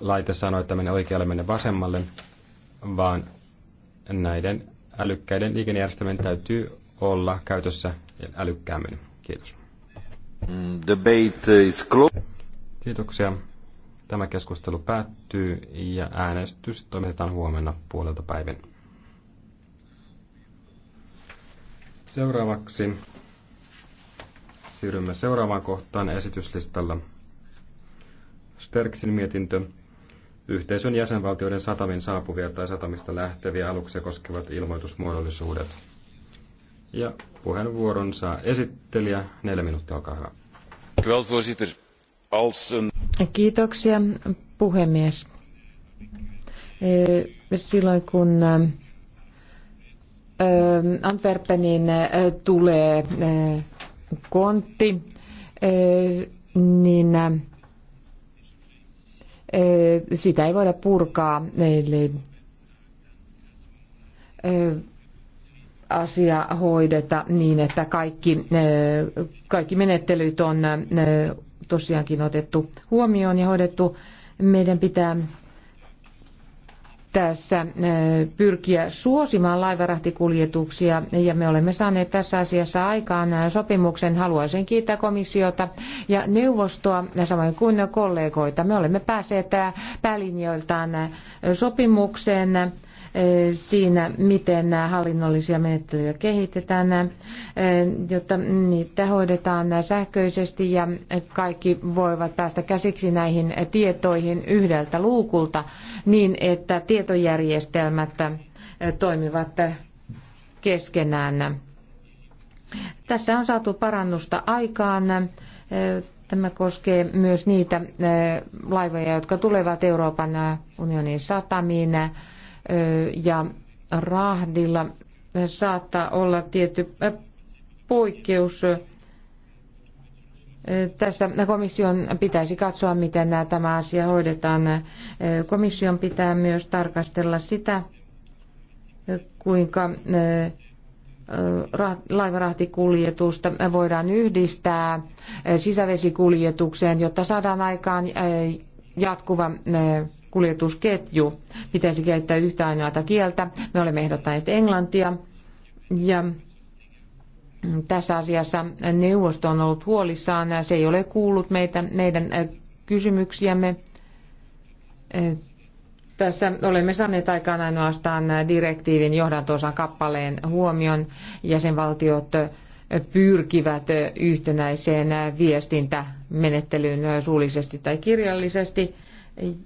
laite sanoo, että mene oikealle, mene vasemmalle, vaan näiden älykkäiden liikennejärjestelmien täytyy olla käytössä älykkäämmin. Kiitos. Debate is closed. Kiitoksia. Tämä keskustelu päättyy ja äänestys toimitetaan huomenna puolelta päivän. Seuraavaksi siirrymme seuraavaan kohtaan esityslistalla. Sterksin mietintö. Yhteisön jäsenvaltioiden satamin saapuvia tai satamista lähteviä aluksia koskevat ilmoitusmuodollisuudet. Ja puheenvuoron saa esittelijä. Neljä minuuttia, olkaa hyvä. Kiitoksia, puhemies. E, silloin kun e, e, Antwerpenin tulee kontti, niin sitä ei voida purkaa, eli asia hoideta niin, että kaikki, kaikki menettelyt on tosiaankin otettu huomioon ja hoidettu. Meidän pitää tässä äh, pyrkiä suosimaan laivarahtikuljetuksia ja me olemme saaneet tässä asiassa aikaan äh, sopimuksen. Haluaisin kiittää komissiota ja neuvostoa samoin kuin kollegoita. Me olemme päässeet äh, päälinjoiltaan sopimukseen siinä, miten nämä hallinnollisia menettelyjä kehitetään, jotta niitä hoidetaan sähköisesti ja kaikki voivat päästä käsiksi näihin tietoihin yhdeltä luukulta niin, että tietojärjestelmät toimivat keskenään. Tässä on saatu parannusta aikaan. Tämä koskee myös niitä laivoja, jotka tulevat Euroopan unionin satamiin ja rahdilla saattaa olla tietty poikkeus. Tässä komission pitäisi katsoa, miten tämä asia hoidetaan. Komission pitää myös tarkastella sitä, kuinka laivarahtikuljetusta voidaan yhdistää sisävesikuljetukseen, jotta saadaan aikaan jatkuva kuljetusketju. Pitäisi käyttää yhtä ainoata kieltä. Me olemme ehdottaneet englantia. Ja tässä asiassa neuvosto on ollut huolissaan. Se ei ole kuullut meitä, meidän äh, kysymyksiämme. Äh, tässä olemme saaneet aikaan ainoastaan äh, direktiivin johdantoosan kappaleen huomion. Jäsenvaltiot pyrkivät yhtenäiseen viestintämenettelyyn suullisesti tai kirjallisesti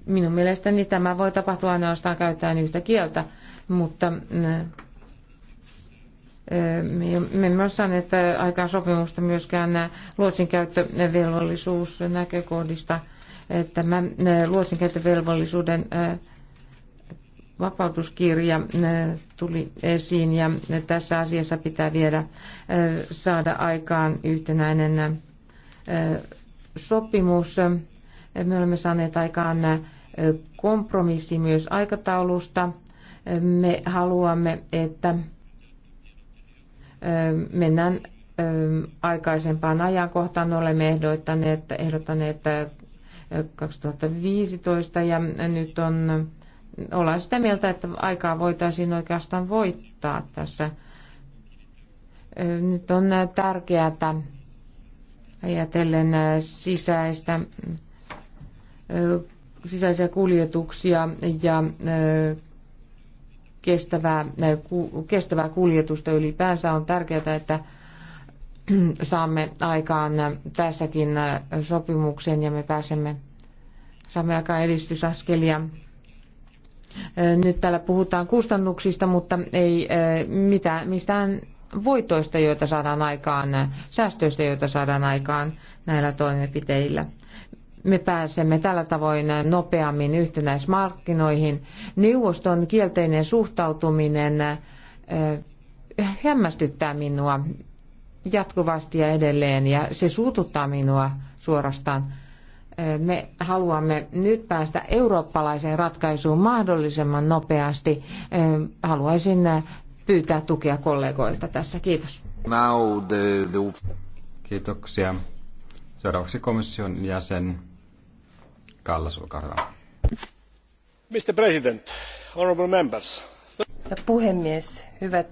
Minun mielestäni tämä voi tapahtua ainoastaan käyttäen yhtä kieltä, mutta me emme ole saaneet aikaan sopimusta myöskään luotsinkäyttövelvollisuus näkökohdista. Tämä luotsinkäyttövelvollisuuden vapautuskirja tuli esiin ja tässä asiassa pitää vielä saada aikaan yhtenäinen sopimus me olemme saaneet aikaan kompromissi myös aikataulusta. Me haluamme, että mennään aikaisempaan ajankohtaan. Olemme ehdottaneet, ehdottaneet 2015 ja nyt on, ollaan sitä mieltä, että aikaa voitaisiin oikeastaan voittaa tässä. Nyt on tärkeää ajatellen sisäistä sisäisiä kuljetuksia ja kestävää, kestävää kuljetusta ylipäänsä on tärkeää, että saamme aikaan tässäkin sopimuksen ja me pääsemme saamme aikaan edistysaskelia. Nyt täällä puhutaan kustannuksista, mutta ei mitään, mistään voitoista, joita saadaan aikaan, säästöistä, joita saadaan aikaan näillä toimenpiteillä me pääsemme tällä tavoin nopeammin yhtenäismarkkinoihin. Neuvoston kielteinen suhtautuminen hämmästyttää minua jatkuvasti ja edelleen ja se suututtaa minua suorastaan. Me haluamme nyt päästä eurooppalaiseen ratkaisuun mahdollisimman nopeasti. Haluaisin pyytää tukea kollegoilta tässä. Kiitos. Kiitoksia. Seuraavaksi komission jäsen arvoisa Puhemies, hyvät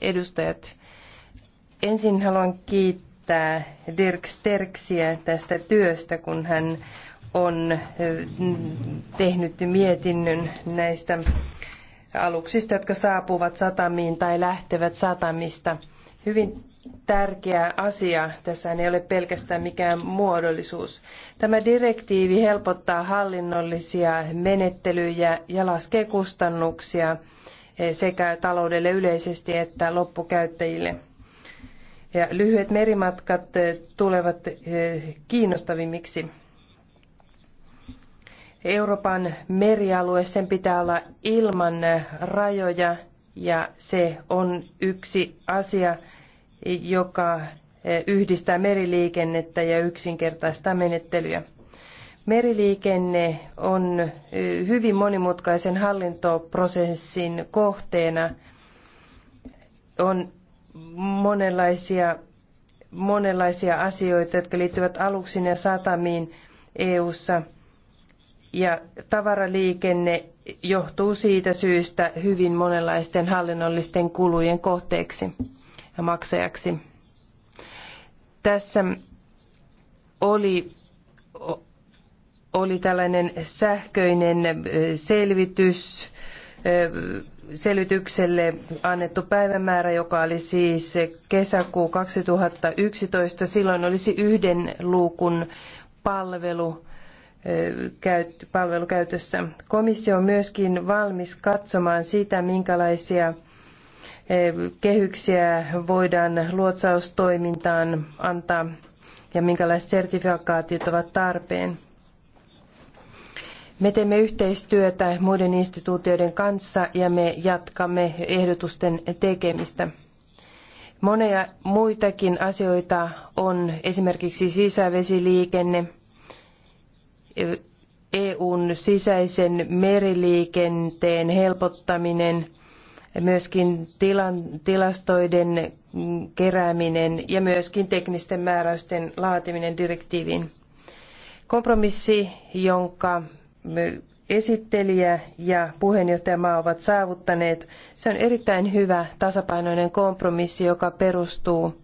edustajat. Ensin haluan kiittää Dirk Sterksiä tästä työstä, kun hän on tehnyt mietinnön näistä aluksista, jotka saapuvat satamiin tai lähtevät satamista. Hyvin tärkeä asia. Tässä ei ole pelkästään mikään muodollisuus. Tämä direktiivi helpottaa hallinnollisia menettelyjä ja laskee kustannuksia eh, sekä taloudelle yleisesti että loppukäyttäjille. Ja lyhyet merimatkat eh, tulevat eh, kiinnostavimmiksi. Euroopan merialue, sen pitää olla ilman rajoja ja se on yksi asia, joka eh, yhdistää meriliikennettä ja yksinkertaistaa menettelyjä. Meriliikenne on eh, hyvin monimutkaisen hallintoprosessin kohteena. On monenlaisia, monenlaisia asioita, jotka liittyvät aluksiin ja satamiin EU:ssa ja tavaraliikenne johtuu siitä syystä hyvin monenlaisten hallinnollisten kulujen kohteeksi maksajaksi. Tässä oli, oli tällainen sähköinen selvitys, selvitykselle annettu päivämäärä, joka oli siis kesäkuu 2011. Silloin olisi yhden luukun palvelu, palvelu käytössä. Komissio on myöskin valmis katsomaan sitä, minkälaisia Eh, kehyksiä voidaan luotsaustoimintaan antaa ja minkälaiset sertifikaatit ovat tarpeen. Me teemme yhteistyötä muiden instituutioiden kanssa ja me jatkamme ehdotusten tekemistä. Monia muitakin asioita on esimerkiksi sisävesiliikenne, eh, EUn sisäisen meriliikenteen helpottaminen – myöskin tilan, tilastoiden kerääminen ja myöskin teknisten määräysten laatiminen direktiiviin. Kompromissi, jonka esittelijä ja puheenjohtajamaa ovat saavuttaneet, se on erittäin hyvä tasapainoinen kompromissi, joka perustuu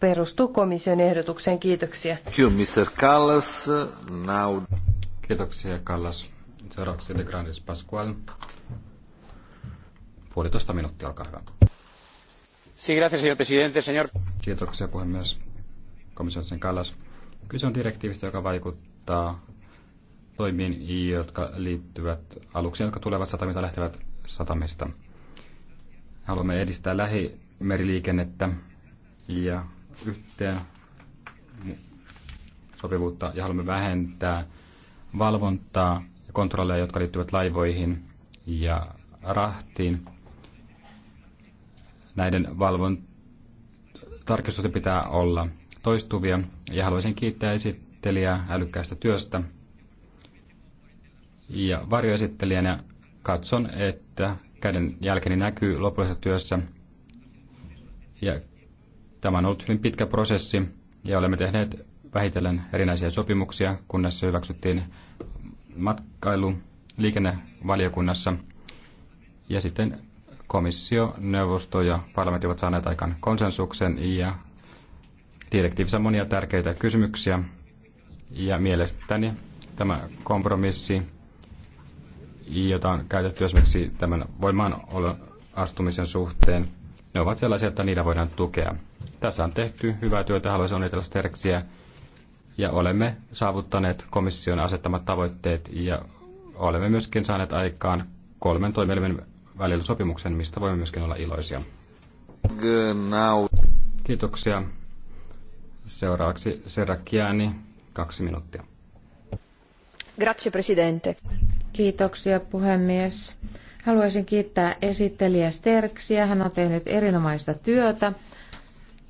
perustuu komission ehdotukseen. Kiitoksia. Kallas. Kiitoksia, Kallas. Seuraavaksi de Grandis Pascual. Puolitoista minuuttia, olkaa hyvä. Sí, gracias, señor presidente, señor... Kiitoksia puhemies. Komission sen Kallas. Kyse on direktiivistä, joka vaikuttaa toimiin, jotka liittyvät aluksiin, jotka tulevat satamista lähtevät satamista. Haluamme edistää lähimeriliikennettä ja yhteen sopivuutta ja haluamme vähentää valvontaa ja kontrolleja, jotka liittyvät laivoihin ja rahtiin näiden valvon tarkistusten pitää olla toistuvia ja haluaisin kiittää esittelijää älykkäästä työstä. Ja varjoesittelijänä katson, että käden jälkeni näkyy lopullisessa työssä. Ja tämä on ollut hyvin pitkä prosessi ja olemme tehneet vähitellen erinäisiä sopimuksia, kunnes se hyväksyttiin matkailu liikennevaliokunnassa. Ja sitten komissio, neuvosto ja parlamentti ovat saaneet aikaan konsensuksen ja direktiivissä on monia tärkeitä kysymyksiä ja mielestäni tämä kompromissi, jota on käytetty esimerkiksi tämän voimaan astumisen suhteen, ne ovat sellaisia, että niitä voidaan tukea. Tässä on tehty hyvää työtä, haluaisin onnitella Sterksiä ja olemme saavuttaneet komission asettamat tavoitteet ja olemme myöskin saaneet aikaan kolmen toimielimen välillä sopimuksen, mistä voimme myöskin olla iloisia. Genau. Kiitoksia. Seuraavaksi Kiani, kaksi minuuttia. Grazie, presidente. Kiitoksia, puhemies. Haluaisin kiittää esittelijä Sterksiä. Hän on tehnyt erinomaista työtä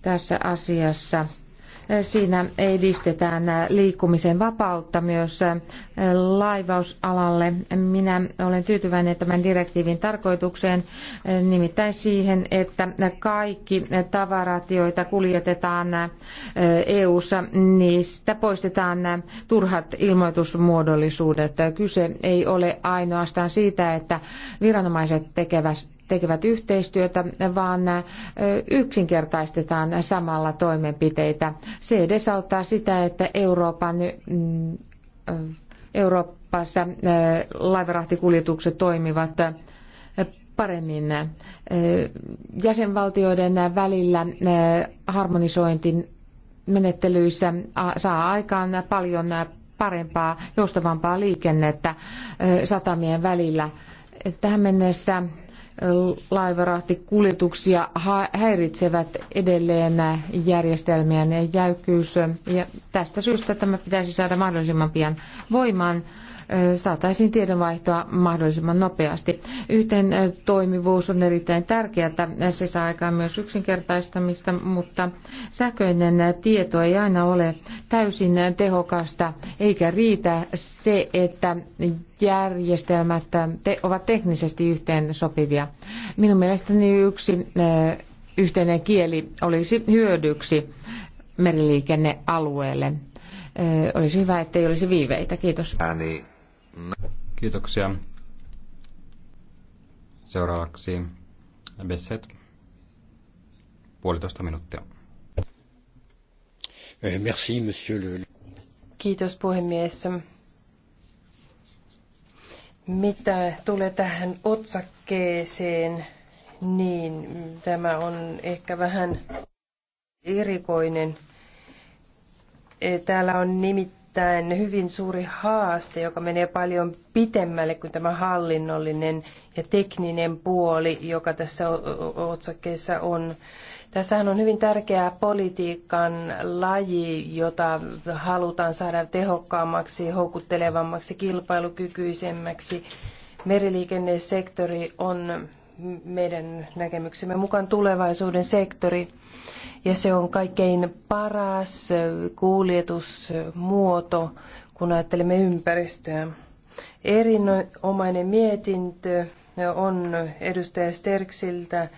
tässä asiassa. Siinä edistetään liikkumisen vapautta myös laivausalalle. Minä olen tyytyväinen tämän direktiivin tarkoitukseen, nimittäin siihen, että kaikki tavarat, joita kuljetetaan EU-ssa, niistä poistetaan turhat ilmoitusmuodollisuudet. Kyse ei ole ainoastaan siitä, että viranomaiset tekevät tekevät yhteistyötä, vaan yksinkertaistetaan samalla toimenpiteitä. Se edesauttaa sitä, että Euroopan, mm, Euroopassa laivarahtikuljetukset toimivat paremmin jäsenvaltioiden välillä harmonisointi menettelyissä saa aikaan paljon parempaa, joustavampaa liikennettä satamien välillä. Tähän mennessä laivarahtikuljetuksia häiritsevät edelleen järjestelmien jäykkyys. Ja tästä syystä tämä pitäisi saada mahdollisimman pian voimaan saataisiin tiedonvaihtoa mahdollisimman nopeasti. Yhteen toimivuus on erittäin tärkeää. Se saa aikaan myös yksinkertaistamista, mutta sähköinen tieto ei aina ole täysin tehokasta, eikä riitä se, että järjestelmät ovat teknisesti yhteen sopivia. Minun mielestäni yksi yhteinen kieli olisi hyödyksi meriliikennealueelle. Olisi hyvä, ettei olisi viiveitä. Kiitos. Ääni Kiitoksia. Seuraavaksi Besset. Puolitoista minuuttia. Eh, merci, monsieur le... Kiitos puhemies. Mitä tulee tähän otsakkeeseen, niin tämä on ehkä vähän erikoinen. Eh, täällä on nimittäin nimittäin hyvin suuri haaste, joka menee paljon pitemmälle kuin tämä hallinnollinen ja tekninen puoli, joka tässä otsakkeessa on. Tässähän on hyvin tärkeä politiikan laji, jota halutaan saada tehokkaammaksi, houkuttelevammaksi, kilpailukykyisemmäksi. Meriliikennesektori on meidän näkemyksemme mukaan tulevaisuuden sektori ja se on kaikkein paras kuljetusmuoto, kun ajattelemme ympäristöä. Erinomainen mietintö on edustaja Sterksiltä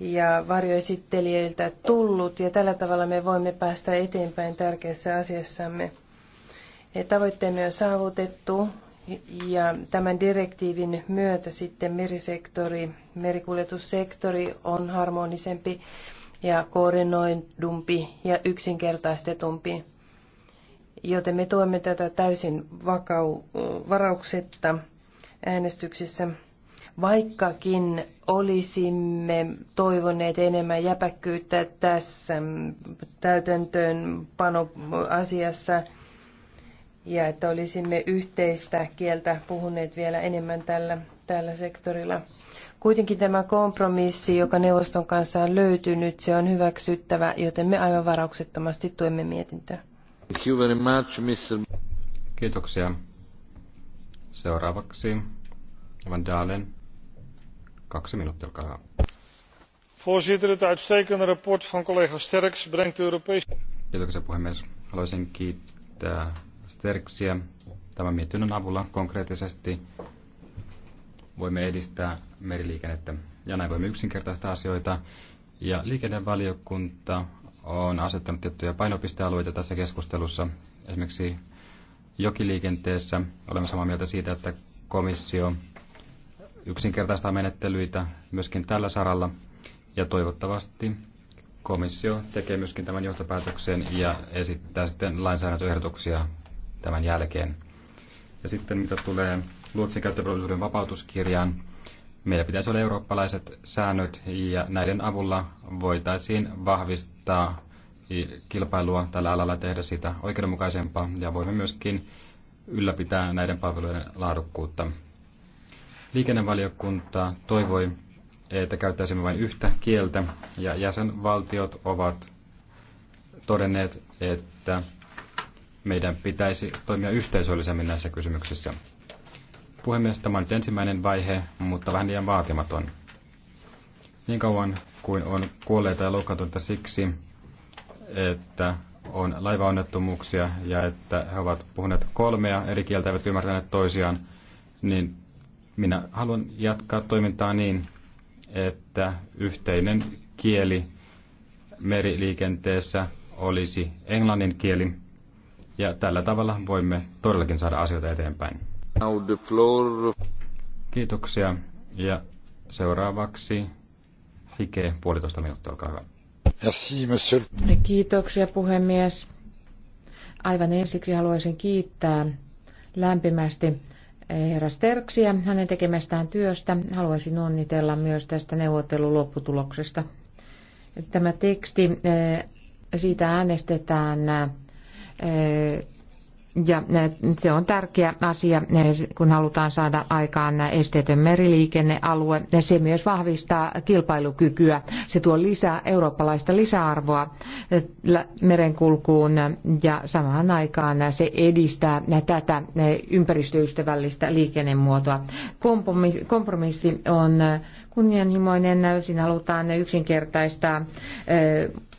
ja varjoesittelijöiltä tullut ja tällä tavalla me voimme päästä eteenpäin tärkeässä asiassamme. Tavoitteemme on saavutettu ja tämän direktiivin myötä sitten merisektori, merikuljetussektori on harmonisempi ja koordinoidumpi ja yksinkertaistetumpi. Joten me tuemme tätä täysin vakau- varauksetta äänestyksissä, vaikkakin olisimme toivoneet enemmän jäpäkkyyttä tässä täytäntöönpanoasiassa ja että olisimme yhteistä kieltä puhuneet vielä enemmän tällä tällä sektorilla. Kuitenkin tämä kompromissi, joka neuvoston kanssa on löytynyt, se on hyväksyttävä, joten me aivan varauksettomasti tuemme mietintöä. Thank you very much, Mr. Kiitoksia. Seuraavaksi Van Dalen. Kaksi minuuttia, olkaa hyvä. Voorzitter, het uitstekende rapport van collega Sterks brengt de Europese... Kiitoksia puhemies. Haluaisin kiittää Sterksiä tämän mietinnön avulla konkreettisesti voimme edistää meriliikennettä. Ja näin voimme yksinkertaistaa asioita. Ja liikennevaliokunta on asettanut tiettyjä painopistealueita tässä keskustelussa. Esimerkiksi jokiliikenteessä olemme samaa mieltä siitä, että komissio yksinkertaistaa menettelyitä myöskin tällä saralla. Ja toivottavasti komissio tekee myöskin tämän johtopäätöksen ja esittää sitten lainsäädäntöehdotuksia tämän jälkeen. Ja sitten mitä tulee luotsin käyttövelvollisuuden vapautuskirjaan, meillä pitäisi olla eurooppalaiset säännöt ja näiden avulla voitaisiin vahvistaa kilpailua tällä alalla tehdä sitä oikeudenmukaisempaa ja voimme myöskin ylläpitää näiden palvelujen laadukkuutta. Liikennevaliokunta toivoi, että käyttäisimme vain yhtä kieltä ja jäsenvaltiot ovat todenneet, että meidän pitäisi toimia yhteisöllisemmin näissä kysymyksissä. Puhemies, tämä on nyt ensimmäinen vaihe, mutta vähän liian vaatimaton. Niin kauan kuin on kuolleita ja loukkaantuneita siksi, että on laivaonnettomuuksia ja että he ovat puhuneet kolmea eri kieltä eivät ymmärtäneet toisiaan, niin minä haluan jatkaa toimintaa niin, että yhteinen kieli meriliikenteessä olisi englannin kieli ja tällä tavalla voimme todellakin saada asioita eteenpäin. Kiitoksia. Ja seuraavaksi Hike, puolitoista minuuttia, olkaa hyvä. Merci, monsieur. Kiitoksia puhemies. Aivan ensiksi haluaisin kiittää lämpimästi herra Sterksiä hänen tekemästään työstä. Haluaisin onnitella myös tästä neuvottelun lopputuloksesta. Tämä teksti, eh, siitä äänestetään eh, ja se on tärkeä asia, kun halutaan saada aikaan esteetön meriliikennealue. Se myös vahvistaa kilpailukykyä. Se tuo lisää eurooppalaista lisäarvoa merenkulkuun ja samaan aikaan se edistää tätä ympäristöystävällistä liikennemuotoa. Kompromissi on kunnianhimoinen. Siinä halutaan yksinkertaistaa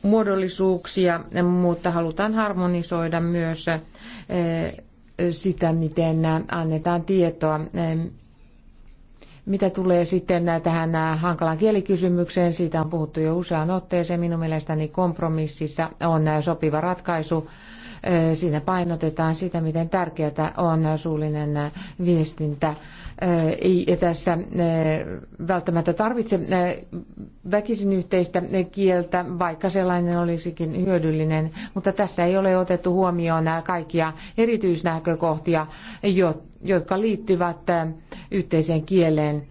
muodollisuuksia, mutta halutaan harmonisoida myös eh, sitä, miten annetaan tietoa eh, mitä tulee sitten tähän hankalaan kielikysymykseen, siitä on puhuttu jo useaan otteeseen. Minun mielestäni kompromississa on sopiva ratkaisu. Siinä painotetaan sitä, miten tärkeää on suullinen viestintä. Ei tässä välttämättä tarvitse väkisin yhteistä kieltä, vaikka sellainen olisikin hyödyllinen, mutta tässä ei ole otettu huomioon kaikkia erityisnäkökohtia, jotka liittyvät yhteiseen kieleen.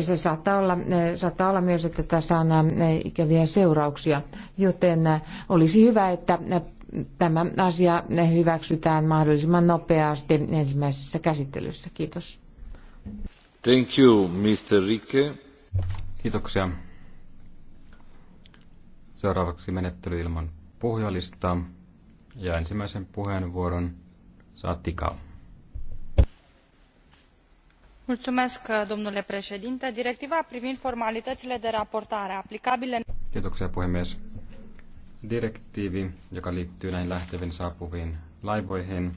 Se saattaa olla, saattaa olla myös, että tässä on ikäviä seurauksia, joten olisi hyvä, että tämä asia hyväksytään mahdollisimman nopeasti ensimmäisessä käsittelyssä. Kiitos. Thank you, Mr. Rike. Kiitoksia. Seuraavaksi menettely ilman puhujalistaa ja ensimmäisen puheenvuoron saa Tikao direktiiva privind formalitățile de raportare aplicabile. Kiitoksia puhemies. Direktiivi, joka liittyy näihin lähteviin saapuviin laivoihin,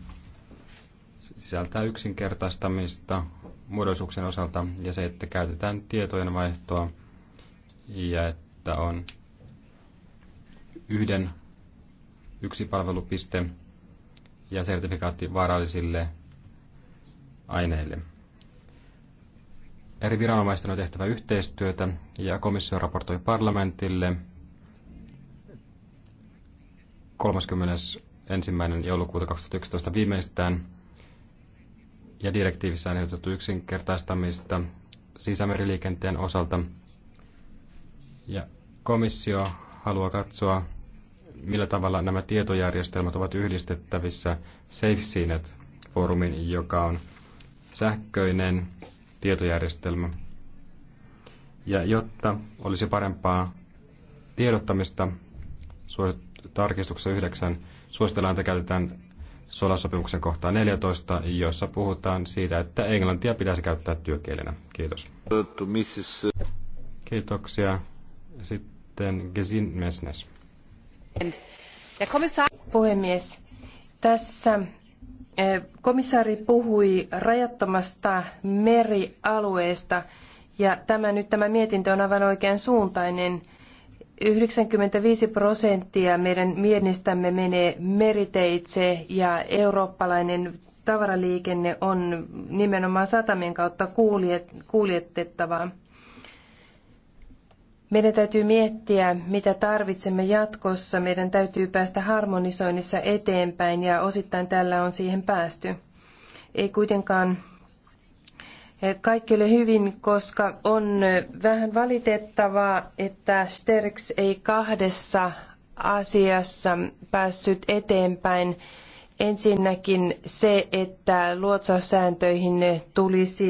sisältää yksinkertaistamista muodollisuuksien osalta ja se, että käytetään tietojenvaihtoa ja että on yhden yksi palvelupiste ja sertifikaatti vaarallisille aineille. Eri viranomaisten on tehtävä yhteistyötä ja komissio raportoi parlamentille 31. joulukuuta 2011 viimeistään ja direktiivissä on ehdotettu yksinkertaistamista sisämeriliikenteen osalta. Ja komissio haluaa katsoa, millä tavalla nämä tietojärjestelmät ovat yhdistettävissä SafeSeanet-foorumin, joka on sähköinen tietojärjestelmä. Ja jotta olisi parempaa tiedottamista, tarkistuksessa 9 suositellaan, että käytetään solasopimuksen kohtaa 14, jossa puhutaan siitä, että englantia pitäisi käyttää työkielenä. Kiitos. Kiitoksia. Sitten Gesin Mesnes. Puhemies, tässä Eh, komissaari puhui rajattomasta merialueesta ja tämä nyt tämä mietintö on aivan oikean suuntainen. 95 prosenttia meidän miennistämme menee meriteitse ja eurooppalainen tavaraliikenne on nimenomaan satamien kautta kuljetettavaa. Meidän täytyy miettiä, mitä tarvitsemme jatkossa. Meidän täytyy päästä harmonisoinnissa eteenpäin ja osittain tällä on siihen päästy. Ei kuitenkaan kaikki ole hyvin, koska on vähän valitettavaa, että Sterks ei kahdessa asiassa päässyt eteenpäin Ensinnäkin se, että luotsaussääntöihin tulisi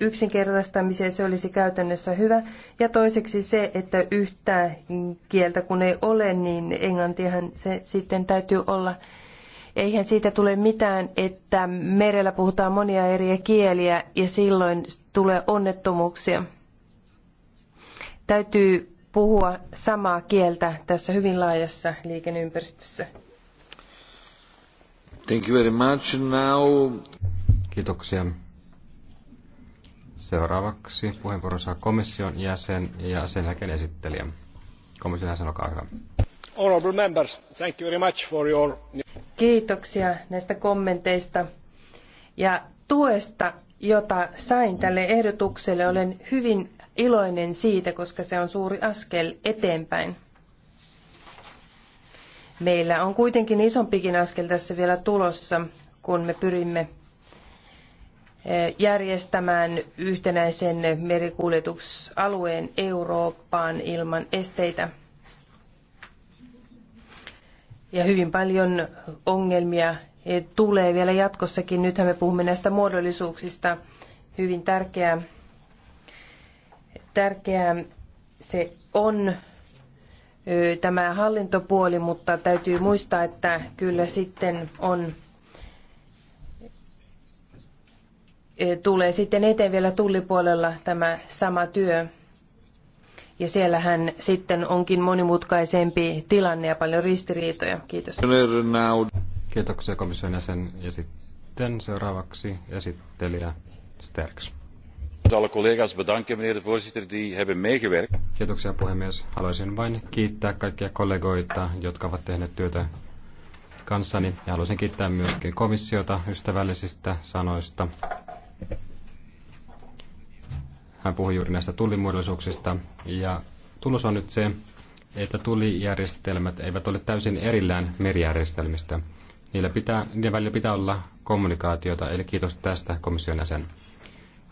yksinkertaistamiseen, se olisi käytännössä hyvä. Ja toiseksi se, että yhtä kieltä kun ei ole, niin englantihan se sitten täytyy olla. Eihän siitä tule mitään, että merellä puhutaan monia eri kieliä ja silloin tulee onnettomuuksia. Täytyy puhua samaa kieltä tässä hyvin laajassa liikenneympäristössä. Thank you very much. Now... Kiitoksia. Seuraavaksi puheenvuoron saa komission jäsen ja sen jälkeen esittelijä. Komission jäsen, olkaa hyvä. Honorable members, thank you very much for your... Kiitoksia näistä kommenteista ja tuesta, jota sain tälle ehdotukselle. Olen hyvin iloinen siitä, koska se on suuri askel eteenpäin. Meillä on kuitenkin isompikin askel tässä vielä tulossa, kun me pyrimme eh, järjestämään yhtenäisen merikuljetusalueen Eurooppaan ilman esteitä. Ja hyvin paljon ongelmia eh, tulee vielä jatkossakin. Nythän me puhumme näistä muodollisuuksista. Hyvin tärkeää, tärkeää se on tämä hallintopuoli, mutta täytyy muistaa, että kyllä sitten on tulee sitten eteen vielä tullipuolella tämä sama työ. Ja siellähän sitten onkin monimutkaisempi tilanne ja paljon ristiriitoja. Kiitos. Kiitoksia komission jäsen. Ja sitten seuraavaksi esittelijä Sterks. Alle collega's bedanken, meneer de voorzitter, die hebben meegewerkt. Kiitoksia puhemies. Haluaisin vain kiittää kaikkia kollegoita, jotka ovat tehneet työtä kanssani. Ja haluaisin kiittää myöskin komissiota ystävällisistä sanoista. Hän puhui juuri näistä tullimuodollisuuksista. Ja tulos on nyt se, että tulijärjestelmät eivät ole täysin erillään merijärjestelmistä. Niillä, pitää, niiden välillä pitää olla kommunikaatiota, eli kiitos tästä komission jäsen.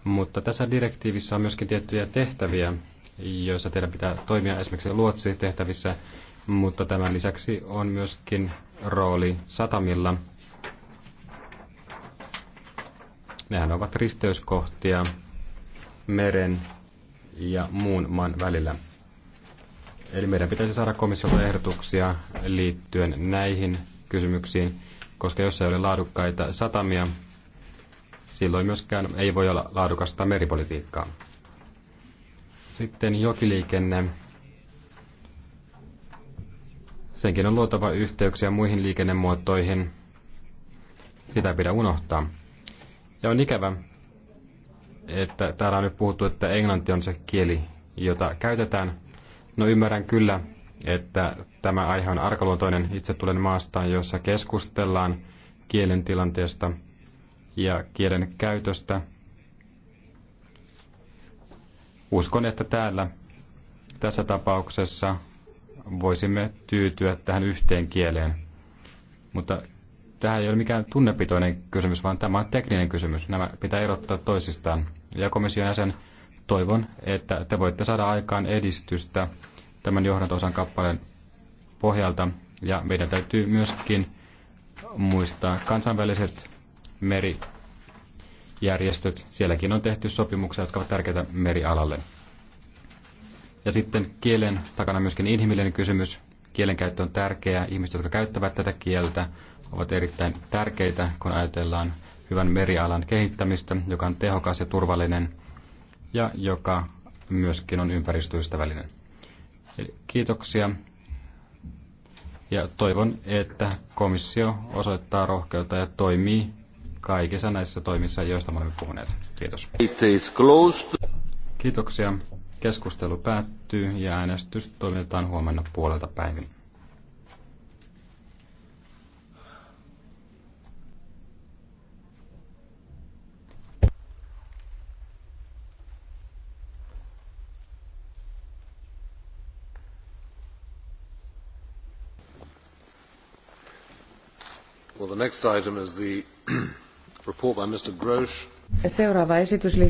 Mutta tässä direktiivissä on myöskin tiettyjä tehtäviä, joissa teidän pitää toimia esimerkiksi luotsitehtävissä, mutta tämän lisäksi on myöskin rooli satamilla. Nehän ovat risteyskohtia meren ja muun maan välillä. Eli meidän pitäisi saada komissiolta ehdotuksia liittyen näihin kysymyksiin, koska jos ei ole laadukkaita satamia, Silloin myöskään ei voi olla laadukasta meripolitiikkaa. Sitten jokiliikenne. Senkin on luotava yhteyksiä muihin liikennemuotoihin. Sitä ei pidä unohtaa. Ja on ikävä, että täällä on nyt puhuttu, että englanti on se kieli, jota käytetään. No ymmärrän kyllä, että tämä aihe on arkaluontoinen. Itse tulen maasta, jossa keskustellaan kielen tilanteesta – ja kielen käytöstä. Uskon, että täällä tässä tapauksessa voisimme tyytyä tähän yhteen kieleen. Mutta tähän ei ole mikään tunnepitoinen kysymys, vaan tämä on tekninen kysymys. Nämä pitää erottaa toisistaan. Ja komission jäsen, toivon, että te voitte saada aikaan edistystä tämän johdantosan kappaleen pohjalta. Ja meidän täytyy myöskin muistaa kansainväliset merijärjestöt. Sielläkin on tehty sopimuksia, jotka ovat tärkeitä merialalle. Ja sitten kielen takana myöskin inhimillinen kysymys. Kielenkäyttö on tärkeää. Ihmiset, jotka käyttävät tätä kieltä, ovat erittäin tärkeitä, kun ajatellaan hyvän merialan kehittämistä, joka on tehokas ja turvallinen ja joka myöskin on ympäristöystävällinen. Eli kiitoksia ja toivon, että komissio osoittaa rohkeutta ja toimii kaikissa näissä toimissa, joista me olemme puhuneet. Kiitos. It is closed. Kiitoksia. Keskustelu päättyy ja äänestys toimitetaan huomenna puolelta päivin. Well, the next item is the seuraava by Mr. Grosch. Seuraava